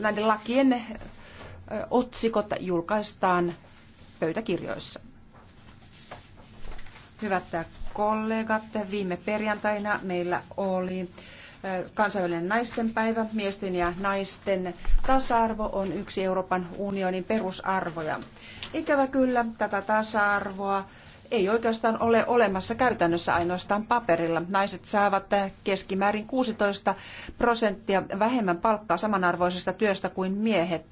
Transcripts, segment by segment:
näiden lakien otsikot julkaistaan pöytäkirjoissa. Hyvät kollegat, viime perjantaina meillä oli kansainvälinen naistenpäivä. Miesten ja naisten tasa-arvo on yksi Euroopan unionin perusarvoja. Ikävä kyllä tätä tasa-arvoa ei oikeastaan ole olemassa käytännössä ainoastaan paperilla. Naiset saavat keskimäärin 16 prosenttia vähemmän palkkaa samanarvoisesta työstä kuin miehet.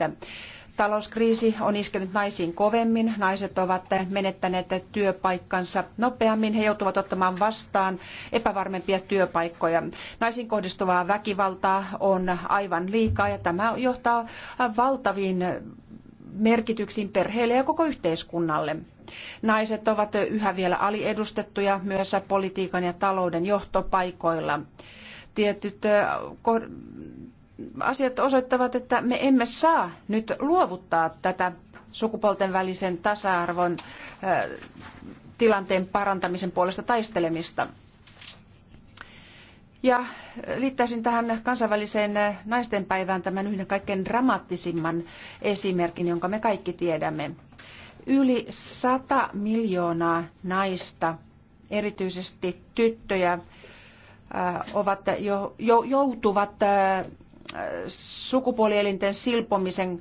Talouskriisi on iskenyt naisiin kovemmin. Naiset ovat menettäneet työpaikkansa nopeammin. He joutuvat ottamaan vastaan epävarmempia työpaikkoja. Naisiin kohdistuvaa väkivaltaa on aivan liikaa ja tämä johtaa valtaviin merkityksiin perheelle ja koko yhteiskunnalle. Naiset ovat yhä vielä aliedustettuja myös politiikan ja talouden johtopaikoilla. Tietyt äh, asiat osoittavat, että me emme saa nyt luovuttaa tätä sukupuolten välisen tasa-arvon äh, tilanteen parantamisen puolesta taistelemista. Ja liittäisin tähän kansainväliseen naistenpäivään tämän yhden kaikkein dramaattisimman esimerkin, jonka me kaikki tiedämme. Yli 100 miljoonaa naista, erityisesti tyttöjä, ovat jo, jo, joutuvat sukupuolielinten silpomisen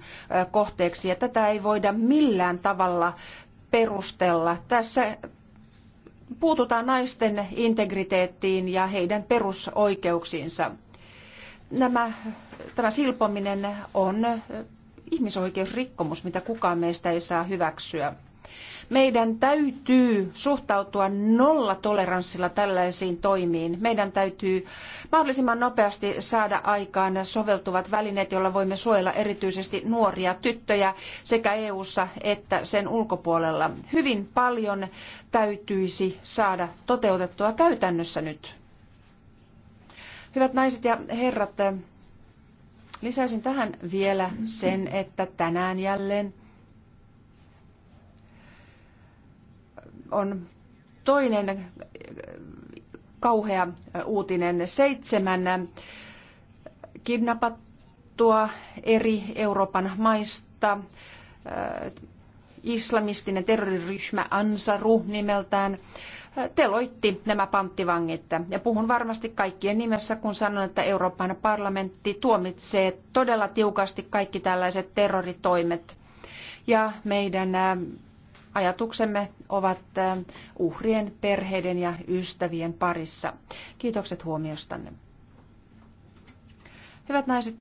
kohteeksi ja tätä ei voida millään tavalla perustella. Tässä puututaan naisten integriteettiin ja heidän perusoikeuksiinsa. Nämä, tämä silpominen on ihmisoikeusrikkomus, mitä kukaan meistä ei saa hyväksyä. Meidän täytyy suhtautua nollatoleranssilla tällaisiin toimiin. Meidän täytyy mahdollisimman nopeasti saada aikaan soveltuvat välineet, joilla voimme suojella erityisesti nuoria tyttöjä sekä EU:ssa että sen ulkopuolella. Hyvin paljon täytyisi saada toteutettua käytännössä nyt. Hyvät naiset ja herrat, lisäisin tähän vielä sen, että tänään jälleen on toinen äh, kauhea äh, uutinen. Seitsemän äh, kidnappattua eri Euroopan maista. Islamistinen terroriryhmä Ansaru nimeltään teloitti nämä panttivangit. Ja puhun varmasti kaikkien nimessä, kun sanon, että Euroopan parlamentti tuomitsee todella tiukasti kaikki tällaiset terroritoimet. Ja meidän Ajatuksemme ovat uhrien, perheiden ja ystävien parissa. Kiitokset huomiostanne. Hyvät naiset,